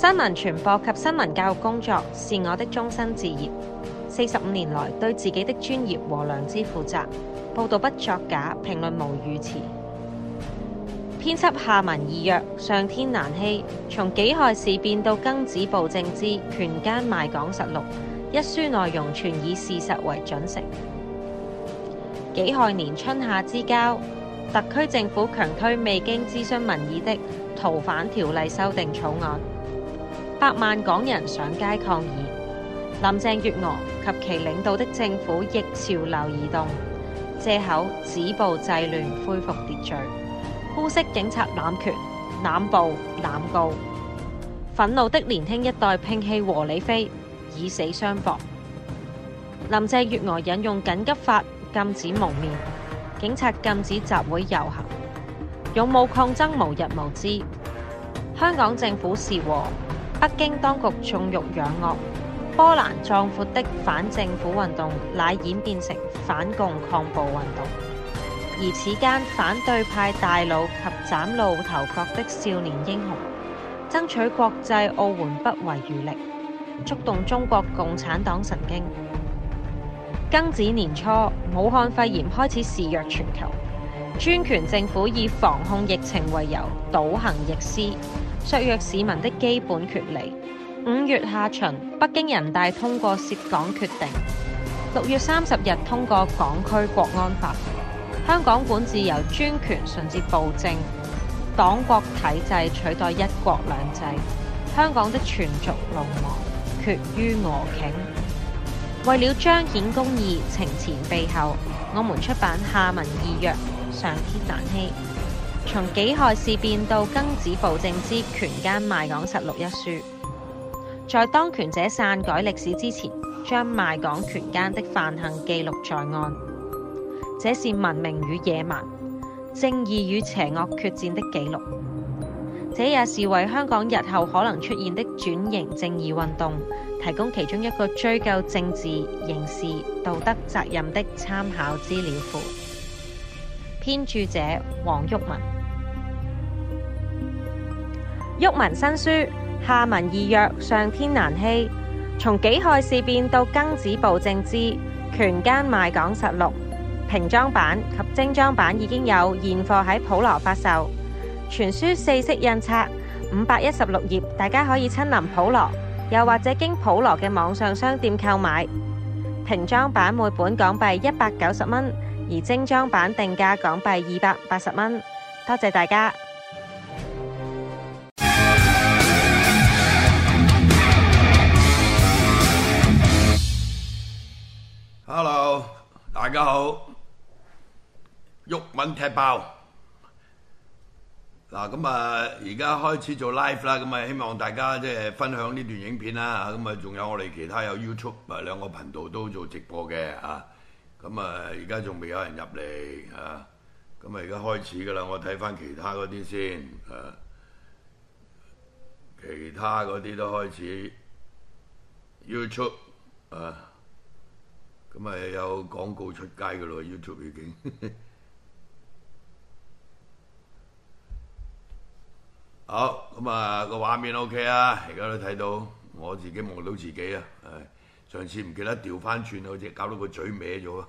新聞傳播及新聞教育工作是我的終身志業。四十五年來，對自己的專業和良知負責，報道不作假，評論無語詞。編輯下文意約，上天難欺。從《己亥事變》到《庚子暴政》之《權奸賣港實錄》，一書內容全以事實為準繩。己亥年春夏之交，特區政府強推未經諮詢民意的《逃犯條例》修訂草案。百萬港人上街抗議，林鄭月娥及其領導的政府逆潮流而動，借口止暴制亂，恢復秩序，污衊警察濫權、濫暴、濫告。憤怒的年輕一代摒棄和理非，以死相搏。林鄭月娥引用緊急法禁止蒙面，警察禁止集會遊行，勇武抗爭無日無之。香港政府是和。北京當局縱欲養惡，波瀾壯闊的反政府運動乃演變成反共抗暴運動，而此間反對派大佬及斬露頭角的少年英雄，爭取國際奧援不遺餘力，觸動中國共產黨神經。庚子年初，武漢肺炎開始肆虐全球，專權政府以防控疫情為由，倒行逆施。削弱市民的基本權利。五月下旬，北京人大通過涉港決定；六月三十日通過港區國安法。香港管治由專權順至暴政，黨國體制取代一國兩制。香港的全族淪亡，決於俄頃。為了彰顯公義，懲前毖後，我們出版下民易虐，上天難欺。從己亥事變到庚子暴政之權奸賣港實錄一書，在當權者篡改歷史之前，將賣港權奸的犯行記錄在案，這是文明與野蠻、正義與邪惡決戰的記錄。這也是為香港日後可能出現的轉型正義運動提供其中一個追究政治、刑事、道德責任的參考資料庫。編著者：黃毓民。《毓民新書》，下民易虐，上天難欺。從己亥事變到庚子暴政之權奸賣港實錄，平裝版及精裝版已經有現貨喺普羅發售。全書四色印刷，五百一十六頁，大家可以親臨普羅，又或者經普羅嘅網上商店購買。平裝版每本港幣一百九十蚊，而精裝版定價港幣二百八十蚊。多謝大家。大家好，毓民踢爆嗱，咁啊，而家開始做 live 啦，咁啊，希望大家即係分享呢段影片啦，咁啊，仲有我哋其他有 YouTube 啊兩個頻道都做直播嘅啊，咁啊，而家仲未有人入嚟啊，咁啊，而家開始噶啦，我睇返其他嗰啲先啊，其他嗰啲都開始 YouTube 啊。咁咪有廣告出街嘅咯，YouTube 已經。 好，咁啊個畫面 OK 啊，而家都睇到我自己望到自己啊。誒，上次唔記得掉翻轉，好似搞到個嘴歪咗。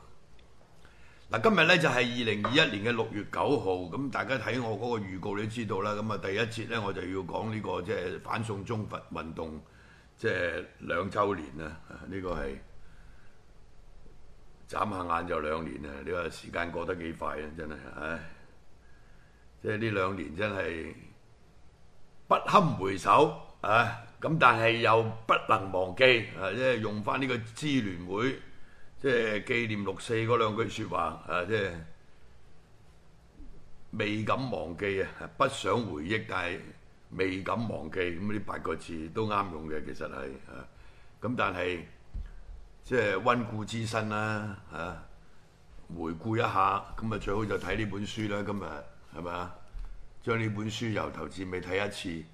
嗱，今日咧就係二零二一年嘅六月九號，咁大家睇我嗰個預告，你知道啦。咁啊，第一節咧我就要講呢個即係反送中運動即係兩週年啊，呢個係。眨下眼就兩年啦，你話時間過得幾快啊？真係，唉，即係呢兩年真係不堪回首啊！咁但係又不能忘記啊，即係用翻呢個支聯會，即係紀念六四嗰兩句説話啊，即係未敢忘記啊，不想回憶，但係未敢忘記。咁呢八個字都啱用嘅，其實係啊，咁但係。即係溫故知新啦，嚇，回顧一下，咁啊最好就睇呢本書啦。今日係咪啊？將呢本書由頭至尾睇一次。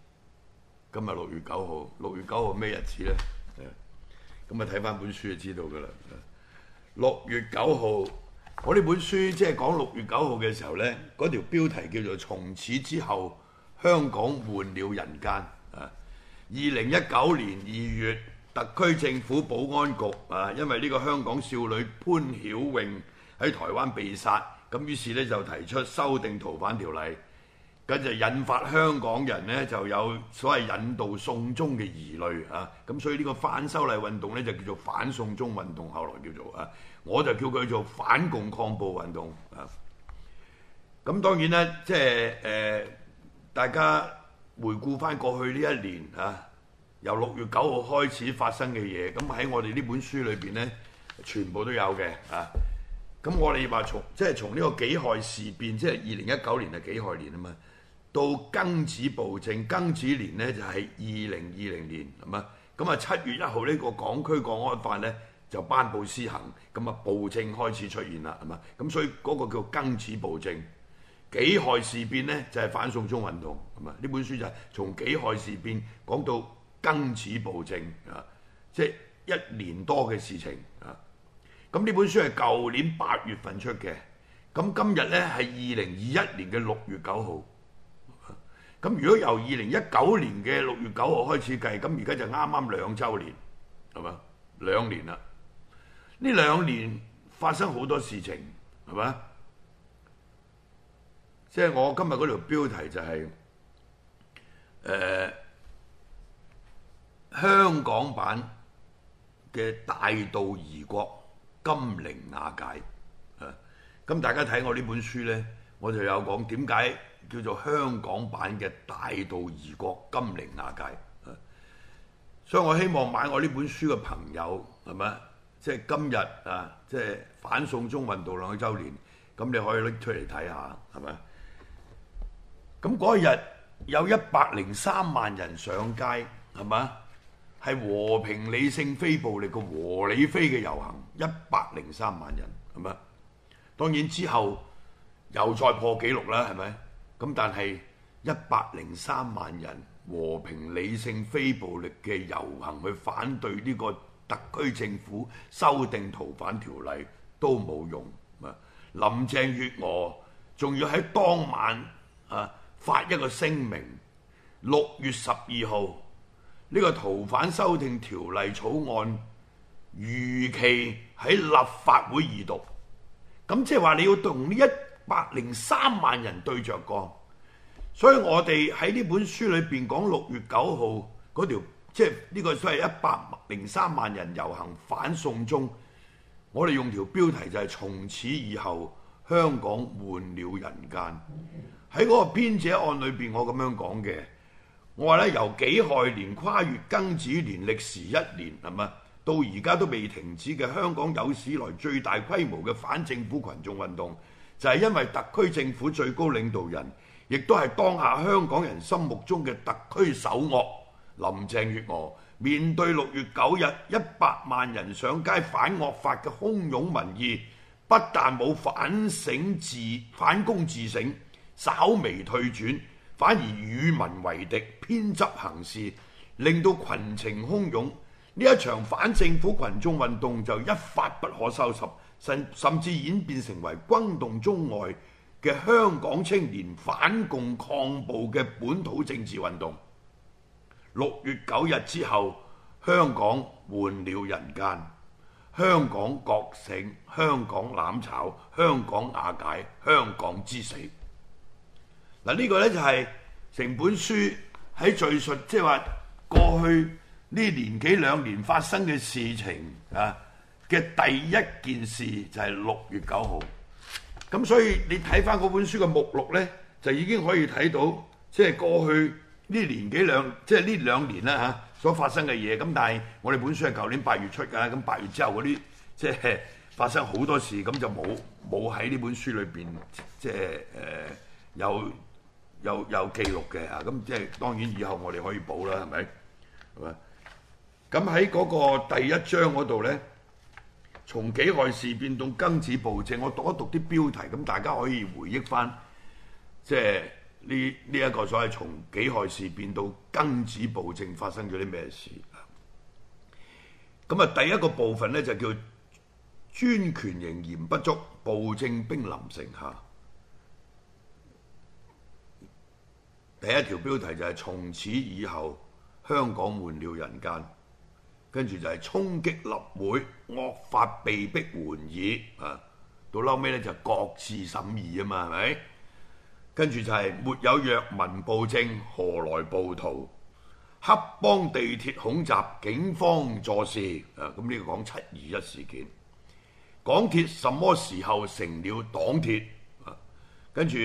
今日六月九號，六月九號咩日子呢？咁啊睇返本書就知道噶啦。六月九號，我呢本書即係、就是、講六月九號嘅時候呢，嗰條標題叫做《從此之後香港換了人間》。啊，二零一九年二月。特區政府保安局啊，因為呢個香港少女潘曉穎喺台灣被殺，咁於是咧就提出修訂逃犯條例，跟就引發香港人咧就有所謂引導送中嘅疑慮啊，咁所以呢個反修例運動咧就叫做反送中運動，後來叫做啊，我就叫佢做反共抗暴運動啊。咁當然咧，即係誒，大家回顧翻過去呢一年啊。由六月九號開始發生嘅嘢，咁喺我哋呢本書裏邊呢，全部都有嘅啊。咁我哋話從即係、就是、從呢個己亥事變，即係二零一九年係己亥年啊嘛。到庚子暴政，庚子年呢就係二零二零年，係嘛？咁啊七月一號呢個《港區國安法》呢，就頒布施行，咁啊暴政開始出現啦，係嘛？咁所以嗰個叫庚子暴政，己亥事變呢就係、是、反送中運動，係嘛？呢本書就係從己亥事變講到更始暴政啊，即係一年多嘅事情啊。咁呢本書係舊年八月份出嘅，咁今日呢係二零二一年嘅六月九號。咁如果由二零一九年嘅六月九號開始計，咁而家就啱啱兩周年，係嘛，兩年啦。呢兩年發生好多事情，係嘛？即係我今日嗰條標題就係誒。呃香港版嘅大盜移國金陵瓦解，咁大家睇我呢本書呢，我就有講點解叫做香港版嘅大盜移國金陵瓦解。所以我希望買我呢本書嘅朋友，係咪？即係今日啊！即係反送中運動兩周年，咁你可以拎出嚟睇下，係咪？咁嗰日有一百零三萬人上街，係咪？係和平理性非暴力嘅和理非嘅遊行，一百零三萬人，係咪？當然之後又再破紀錄啦，係咪？咁但係一百零三萬人和平理性非暴力嘅遊行去反對呢個特區政府修訂逃犯條例都冇用，咁啊？林鄭月娥，仲要喺當晚啊發一個聲明，六月十二號。呢、這個逃犯修訂條例草案如期喺立法會二讀，咁即係話你要同呢一百零三萬人對着幹，所以我哋喺呢本書裏邊講六月九號嗰條，即係呢、這個所謂一百零三萬人遊行反送中，我哋用條標題就係從此以後香港換了人間，喺嗰個編者案裏邊我咁樣講嘅。我話咧，由己亥年跨越庚子年，歷時一年，係嘛？到而家都未停止嘅香港有史來最大規模嘅反政府群眾運動，就係、是、因為特區政府最高領導人，亦都係當下香港人心目中嘅特區首惡林鄭月娥。面對六月九日一百萬人上街反惡法嘅洶湧民意，不但冇反省自，自反攻自省，稍微退轉。反而與民為敵，偏執行事，令到群情洶湧。呢一場反政府群眾運動就一發不可收拾，甚甚至演變成為轟動中外嘅香港青年反共抗暴嘅本土政治運動。六月九日之後，香港換了人間，香港覺醒，香港攬炒，香港瓦解，香港之死。嗱呢個咧就係成本書喺敘述，即係話過去呢年幾兩年發生嘅事情啊嘅第一件事就係六月九號。咁所以你睇翻嗰本書嘅目錄咧，就已經可以睇到，即係過去呢年幾兩，即係呢兩年啦嚇所發生嘅嘢。咁但係我哋本書係舊年八月出㗎，咁八月之後嗰啲即係發生好多事，咁就冇冇喺呢本書裏邊即係誒有。有有記錄嘅嚇，咁即係當然以後我哋可以補啦，係咪？咁喺嗰個第一章嗰度呢，從己亥事變到庚子暴政，我讀一讀啲標題，咁大家可以回憶翻，即係呢呢一個所謂從己亥事變到庚子暴政發生咗啲咩事。咁啊，第一個部分呢，就叫專權仍然不足，暴政兵臨城下。第一條標題就係從此以後香港換了人間，跟住就係衝擊立會，惡法被逼緩議啊，到後尾咧就各自審議啊嘛，係咪？跟住就係沒有虐民暴政，何來暴徒，黑幫，地鐵恐襲，警方助勢」。啊！咁呢個講七二一事件，港鐵什麼時候成了黨鐵啊？跟住。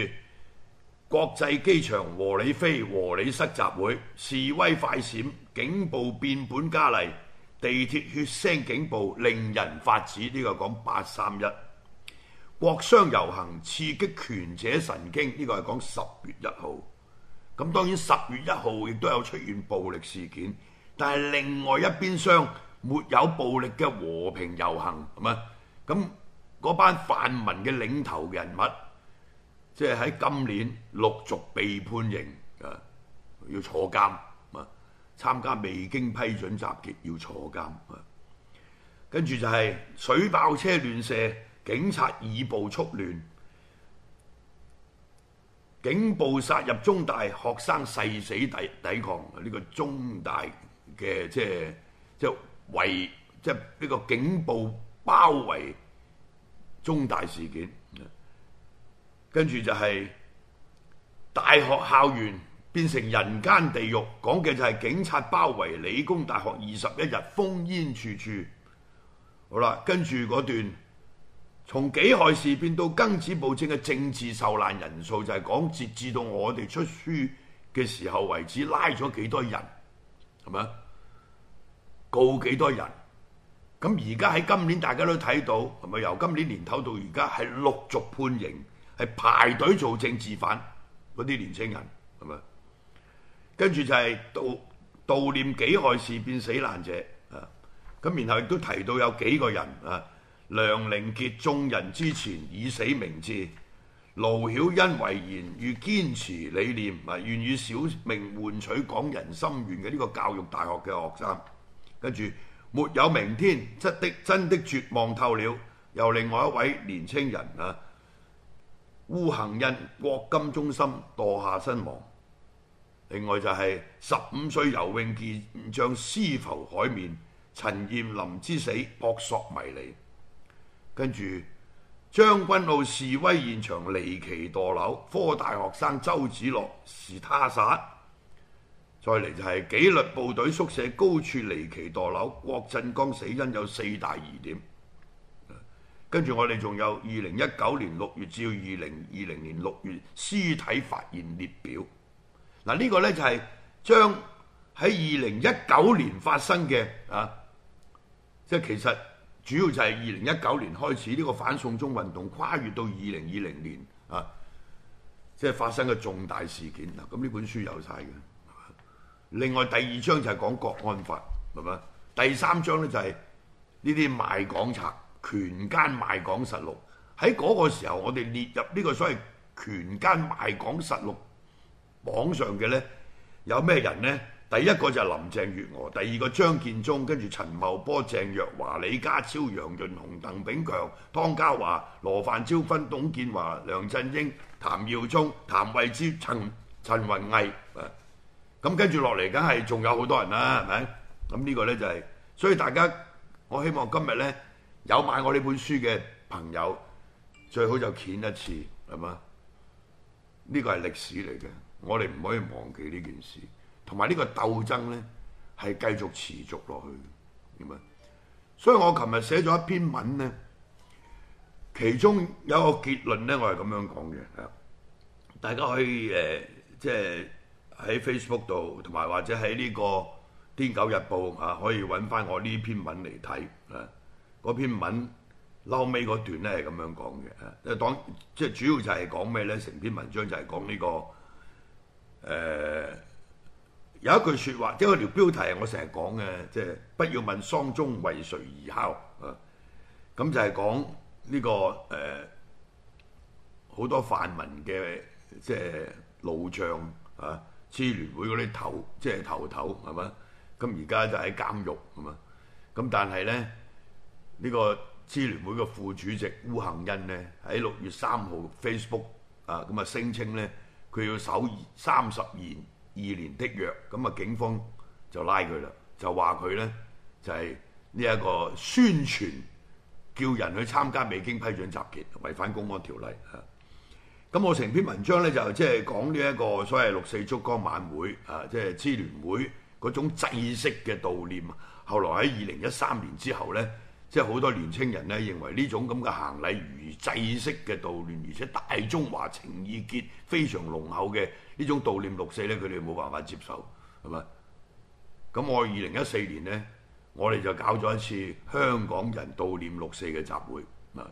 國際機場和理非和理塞集會示威快閃警暴變本加厲地鐵血腥警暴令人髮指呢個講八三一國商遊行刺激權者神經呢個係講十月一號咁當然十月一號亦都有出現暴力事件，但係另外一邊廂沒有暴力嘅和平遊行係嘛？咁班泛民嘅領頭人物。即係喺今年陸續被判刑啊，要坐監啊，參加未經批准集結要坐監啊，跟住就係水爆車亂射，警察以暴觸亂，警暴殺入中大學生誓死抵抵抗呢、呢個中大嘅即係即係圍即係呢個警暴包圍中大事件。跟住就係大學校園變成人間地獄，講嘅就係警察包圍理工大學二十一日，烽煙處處。好啦，跟住嗰段從己亥事變到庚子暴政嘅政治受難人數，就係、是、講截至到我哋出書嘅時候為止，拉咗幾多人係咪？告幾多人？咁而家喺今年大家都睇到係咪由今年年頭到而家係陸續判刑。係排隊做政治犯嗰啲年青人，係咪？跟住就係悼悼念幾害事變死難者啊！咁然後亦都提到有幾個人啊，梁凌傑眾人之前以死明志，盧曉欣為言如堅持理念，啊，願以小命換取港人心願嘅呢個教育大學嘅學生，跟住沒有明天，真的真的絕望透了。由另外一位年青人啊！鄔幸恩國金中心墮下身亡，另外就係十五歲游泳健將屍浮海面，陳彥霖之死撲朔迷離，跟住將軍澳示威現場離奇墮樓，科大學生周梓樂是他殺，再嚟就係紀律部隊宿舍高處離奇墮樓，郭振剛死因有四大疑點。跟住我哋仲有二零一九年六月至到二零二零年六月屍體發現列表，嗱，呢個呢就係將喺二零一九年發生嘅啊，即係其實主要就係二零一九年開始呢個反送中運動跨越到二零二零年啊，即係發生嘅重大事件，嗱，咁呢本書有晒嘅。另外第二章就係講國安法，係咪？第三章呢就係呢啲賣港賊。權奸賣港實錄，喺嗰個時候，我哋列入呢個所謂權奸賣港實錄榜上嘅呢，有咩人呢？第一個就係林鄭月娥，第二個張建宗，跟住陳茂波、鄭若驊、李家超、楊潤雄、鄧炳強、湯家驊、羅范椒芬、董建華、梁振英、譚耀宗、譚慧芝、陳陳雲毅、啊。咁、啊、跟住落嚟，梗係仲有好多人啦、啊，係咪？咁呢個呢，就係，所以大家我希望今日呢。有買我呢本書嘅朋友，最好就攰一次，係嘛？呢個係歷史嚟嘅，我哋唔可以忘記呢件事，同埋呢個鬥爭呢係繼續持續落去，咁啊！所以我琴日寫咗一篇文呢，其中有一個結論呢，我係咁樣講嘅，大家可以誒即係喺 Facebook 度，同埋或者喺呢個《天狗日報》啊，可以揾翻我呢篇文嚟睇啊！嗰篇文後尾嗰段咧係咁樣講嘅，即係當即係主要就係講咩咧？成篇文章就係講呢個誒、呃、有一句說話，即係條標題我成日講嘅，即、就、係、是、不要問喪鐘為誰而敲啊！咁就係講呢個誒好、啊、多泛民嘅即係老將啊，支聯會嗰啲頭即係、就是、頭頭係嘛？咁而家就喺監獄係嘛？咁但係咧？呢個支聯會嘅副主席烏恆恩呢，喺六月三號 Facebook 啊，咁啊聲稱呢，佢要守三十二二年的約，咁啊警方就拉佢啦，就話佢呢就係呢一個宣傳，叫人去參加未經批准集結，違反公安條例啊。咁我成篇文章呢，就即係講呢一個所謂六四燭光晚會啊，即係支聯會嗰種祭式嘅悼念，後來喺二零一三年之後呢。即係好多年青人咧，認為呢種咁嘅行禮如祭式嘅悼念，而且大中華情意結非常濃厚嘅呢種悼念六四咧，佢哋冇辦法接受，係嘛？咁我二零一四年咧，我哋就搞咗一次香港人悼念六四嘅集會啊！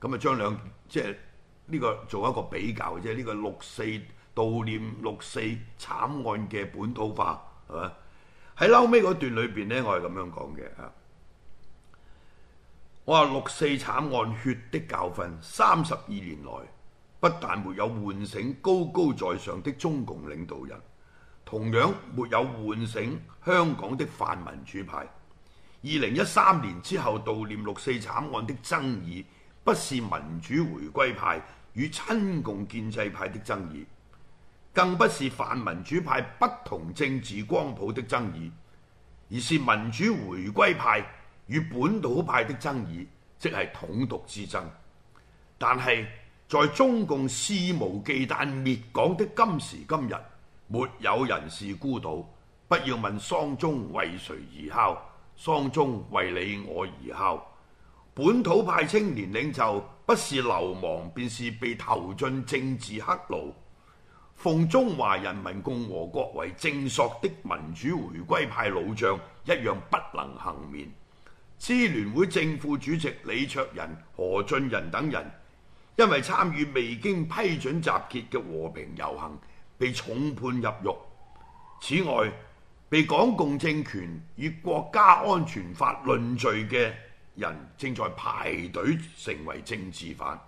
咁啊，將兩即係呢個做一個比較，即係呢個六四悼念六四慘案嘅本土化係嘛？喺撈尾嗰段裏邊咧，我係咁樣講嘅啊。我話六四慘案血的教訓，三十二年來不但沒有喚醒高高在上的中共領導人，同樣沒有喚醒香港的泛民主派。二零一三年之後悼念六四慘案的爭議，不是民主回歸派與親共建制派的爭議，更不是泛民主派不同政治光譜的爭議，而是民主回歸派與本土派的爭議，即係統獨之爭。但係在中共肆無忌憚滅港的今時今日，沒有人是孤島。不要問喪鐘為誰而敲，喪鐘為你我而敲。本土派青年領袖不是流亡，便是被投進政治黑牢。奉中華人民共和國為正朔的民主回歸派老將，一樣不能幸免。支聯會正副主席李卓人、何俊仁等人，因為參與未經批准集結嘅和平遊行，被重判入獄。此外，被港共政權以國家安全法論罪嘅人，正在排隊成為政治犯。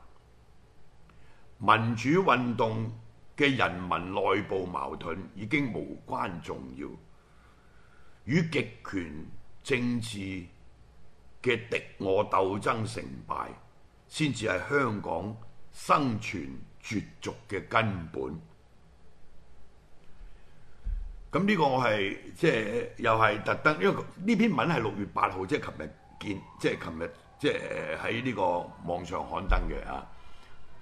民主運動嘅人民內部矛盾已經無關重要，與極權政治嘅敵我鬥爭成敗，先至係香港生存絕續嘅根本。咁呢個我係即係又係特登，因為呢篇文係六月八號，即係琴日見，即係琴日，即係喺呢個網上刊登嘅啊。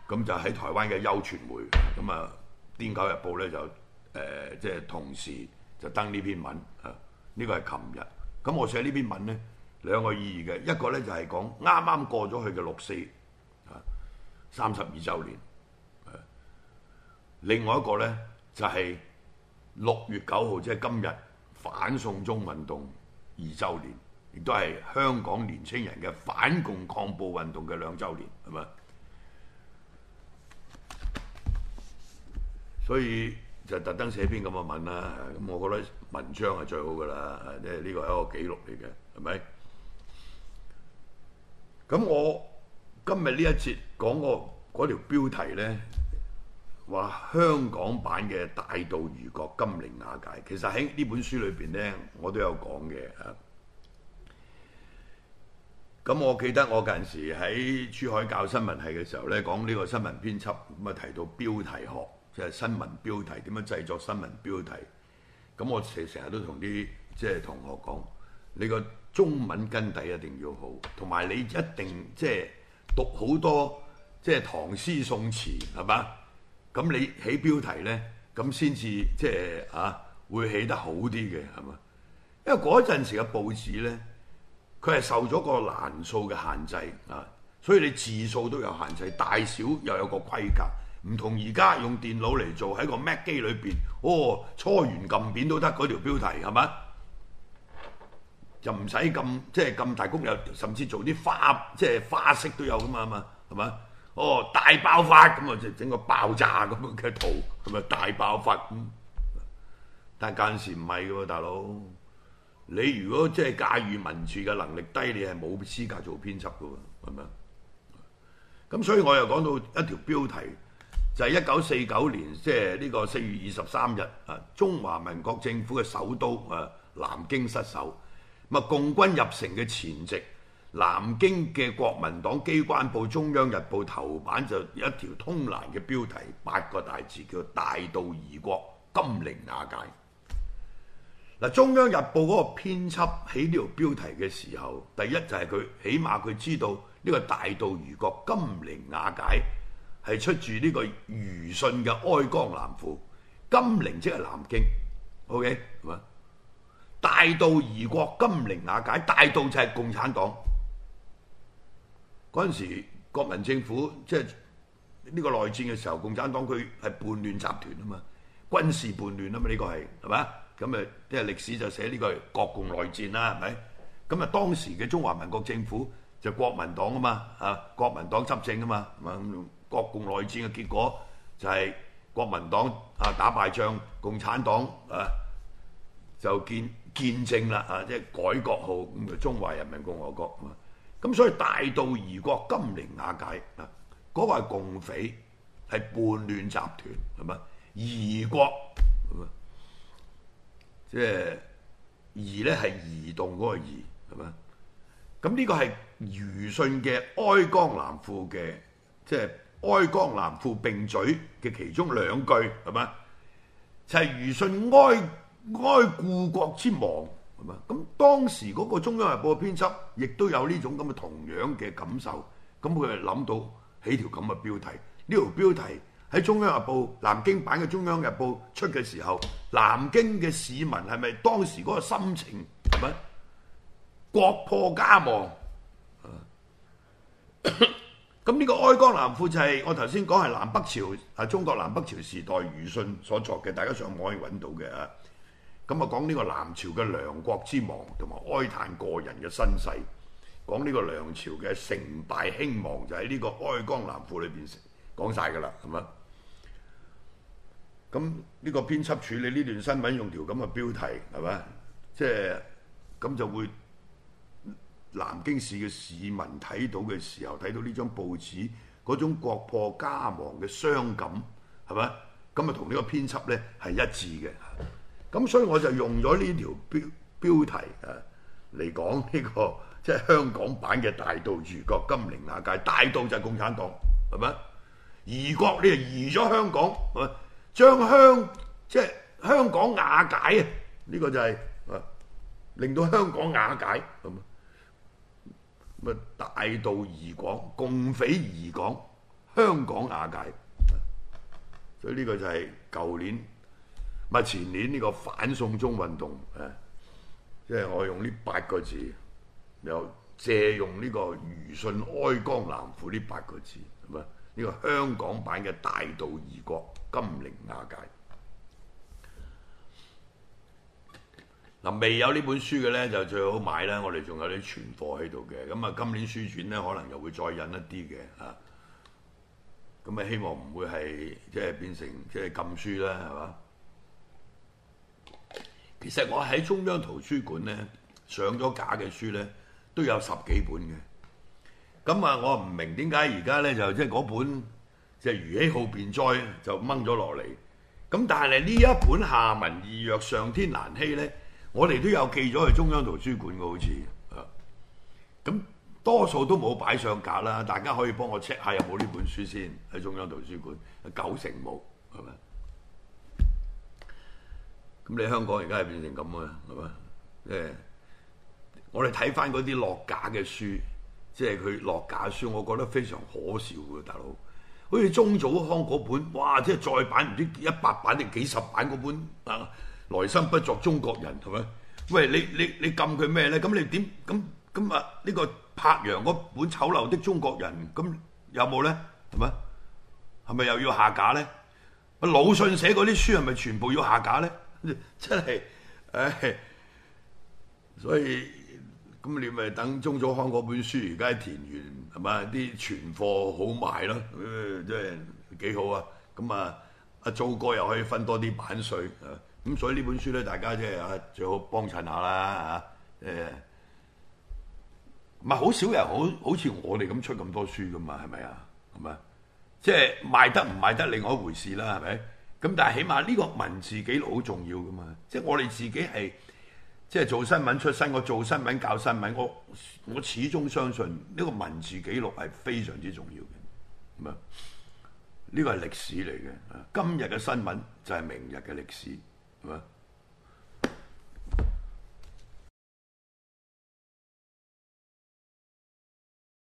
咁就喺台灣嘅優傳媒，咁啊《癲狗日報》咧就誒，即係、呃、就係、同時就登呢篇文啊。呢、呢個係琴日。咁我寫呢篇文咧。兩個意義嘅，一個咧就係講啱啱過咗去嘅六四，三十二週年；另外一個咧就係六月九號，即係今日反送中運動二週年，亦都係香港年輕人嘅反共抗暴運動嘅兩週年，係咪？所以就特登寫篇咁嘅文啦。咁我覺得文章係最好㗎啦，即係呢個係一個記錄嚟嘅，係咪？咁我今日呢一節講個嗰條標題咧，話香港版嘅《大盜移國金陵瓦解》，其實喺呢本書裏邊呢，我都有講嘅。咁我記得我近時喺珠海教新聞系嘅時候呢，講呢個新聞編輯咁啊，提到標題學，即係新聞標題點樣製作新聞標題。咁我成日都同啲即係同學講呢個。中文根底一定要好，同埋你一定即係讀好多即係唐詩宋詞係嘛？咁你起標題咧，咁先至即係啊會起得好啲嘅係嘛？因為嗰陣時嘅報紙咧，佢係受咗個字數嘅限制啊，所以你字數都有限制，大小又有個規格，唔同而家用電腦嚟做喺個 Mac 機裏面，哦，搓圓撳扁都得，嗰條標題係咪？就唔使咁即係咁大工，有甚至做啲花即係、就是、花式都有噶嘛嘛，係嘛？哦，大爆發咁啊，整個爆炸咁嘅圖係咪大爆發咁、嗯？但係有陣時唔係嘅喎，大佬，你如果即係駕馭民主嘅能力低，你係冇資格做編輯嘅喎，係咪啊？咁所以我又講到一條標題，就係一九四九年，即係呢個四月二十三日啊，中華民國政府嘅首都啊南京失守。啊，共軍入城嘅前夕，南京嘅國民黨機關報《中央日報》頭版就有一條通欄嘅標題，八個大字叫《大盜移國，金陵瓦解》。嗱，《中央日報》嗰個編輯起呢條標題嘅時候，第一就係佢起碼佢知道呢個大盜移國，金陵瓦解係出自呢個庾信嘅《哀江南賦》，金陵即係南京。OK，大盜移國，金陵瓦解。大盜就係共產黨嗰陣時，國民政府即係呢個內戰嘅時候，共產黨佢係叛亂集團啊嘛，軍事叛亂啊嘛，呢個係係嘛？咁誒，即係歷史就寫呢個國共內戰啦，係咪？咁啊，當時嘅中華民國政府就國民黨啊嘛，啊國民黨執政啊嘛，國共內戰嘅結果就係國民黨啊打敗仗，共產黨啊就見。見證啦啊！即係改國號，咁就中華人民共和國啊！咁所以大盜移國，金陵瓦解啊！嗰個係共匪，係叛亂集團係嘛？移國即係移咧係移動嗰個移係嘛？咁呢個係庾信嘅哀江南賦嘅，即係哀江南賦並嘴嘅其中兩句係嘛？就係庾信哀。哀故國之亡，係嘛？咁當時嗰個《中央日報》編輯亦都有呢種咁嘅同樣嘅感受，咁佢諗到起條咁嘅標題。呢條標題喺《中央日報》南京版嘅《中央日報》出嘅時候，南京嘅市民係咪當時嗰個心情係咪？國破家亡。咁呢 個《哀江南賦》就係我頭先講係南北朝，係中國南北朝時代庾信所作嘅，大家上網可以揾到嘅啊。咁啊，講呢個南朝嘅梁國之亡，同埋哀嘆個人嘅身世，講呢個梁朝嘅成敗興亡，就喺呢個《哀江南賦》裏邊講晒噶啦，係咪？咁呢個編輯處理呢段新聞用條咁嘅標題係咪？即係咁就會南京市嘅市民睇到嘅時候，睇到呢張報紙嗰種國破家亡嘅傷感係咪？咁啊，同呢個編輯咧係一致嘅。咁所以我就用咗呢條標標題啊，嚟講呢、這個即係、就是、香港版嘅大盜移國金陵瓦解。大盜」就係共產黨，係咪？移國你就移咗香港，將香即係香港瓦解啊！呢、這個就係、是、令到香港瓦解咁啊！大盜移港，共匪移港，香港瓦解。所以呢個就係舊年。咪前年呢個反送中運動，誒，即係我用呢八個字，又借用呢個庾信哀江南賦呢八個字，係咪？呢個香港版嘅大盜移國，金陵瓦解。嗱，未有呢本書嘅咧，就最好買啦。我哋仲有啲存貨喺度嘅，咁啊，今年書展咧，可能又會再印一啲嘅，啊，咁啊，希望唔會係即係變成即係禁書啦，係嘛？其實我喺中央圖書館咧上咗架嘅書咧都有十幾本嘅，咁啊，我唔明點解而家咧就即係嗰本即係《如欺昊便災》就掹咗落嚟，咁但係呢一本《下民易虐上天難欺》咧，我哋都有寄咗去中央圖書館嘅，好似啊，咁多數都冇擺上架啦。大家可以幫我 check 下有冇呢本書先喺中央圖書館，九成冇係咪？咁你香港而家係變成咁嘅，係咪？誒、即係，我哋睇翻嗰啲落架嘅書，即係佢落架書，我覺得非常可笑喎，大佬。好似鍾祖康嗰本，哇！即係再版唔知一百版定幾十版嗰本《啊，來生不作中國人》，係咪？喂，你你你禁佢咩咧？咁你點咁咁啊？呢、呢個柏楊嗰本《醜陋的中國人》有有，咁有冇咧？係咪？係咪又要下架咧？魯迅寫嗰啲書係咪全部要下架咧？真係，唉，所以咁你咪等鍾祖康嗰本書而家田園係咪啲存貨好賣咯，即係幾好啊！咁啊，阿祖哥又可以分多啲版稅啊！咁所以呢本書咧，大家即係啊最好幫襯下啦嚇。誒、啊，唔係好少人好好似我哋咁出咁多書噶嘛，係咪啊？係咪？即係賣得唔賣得另外一回事啦，係咪？咁但係起碼呢個文字記錄好重要噶嘛，即係我哋自己係即係做新聞出身，我做新聞教新聞，我我始終相信呢個文字記錄係非常之重要嘅，咁啊，呢個係歷史嚟嘅，今日嘅新聞就係明日嘅歷史，係嘛？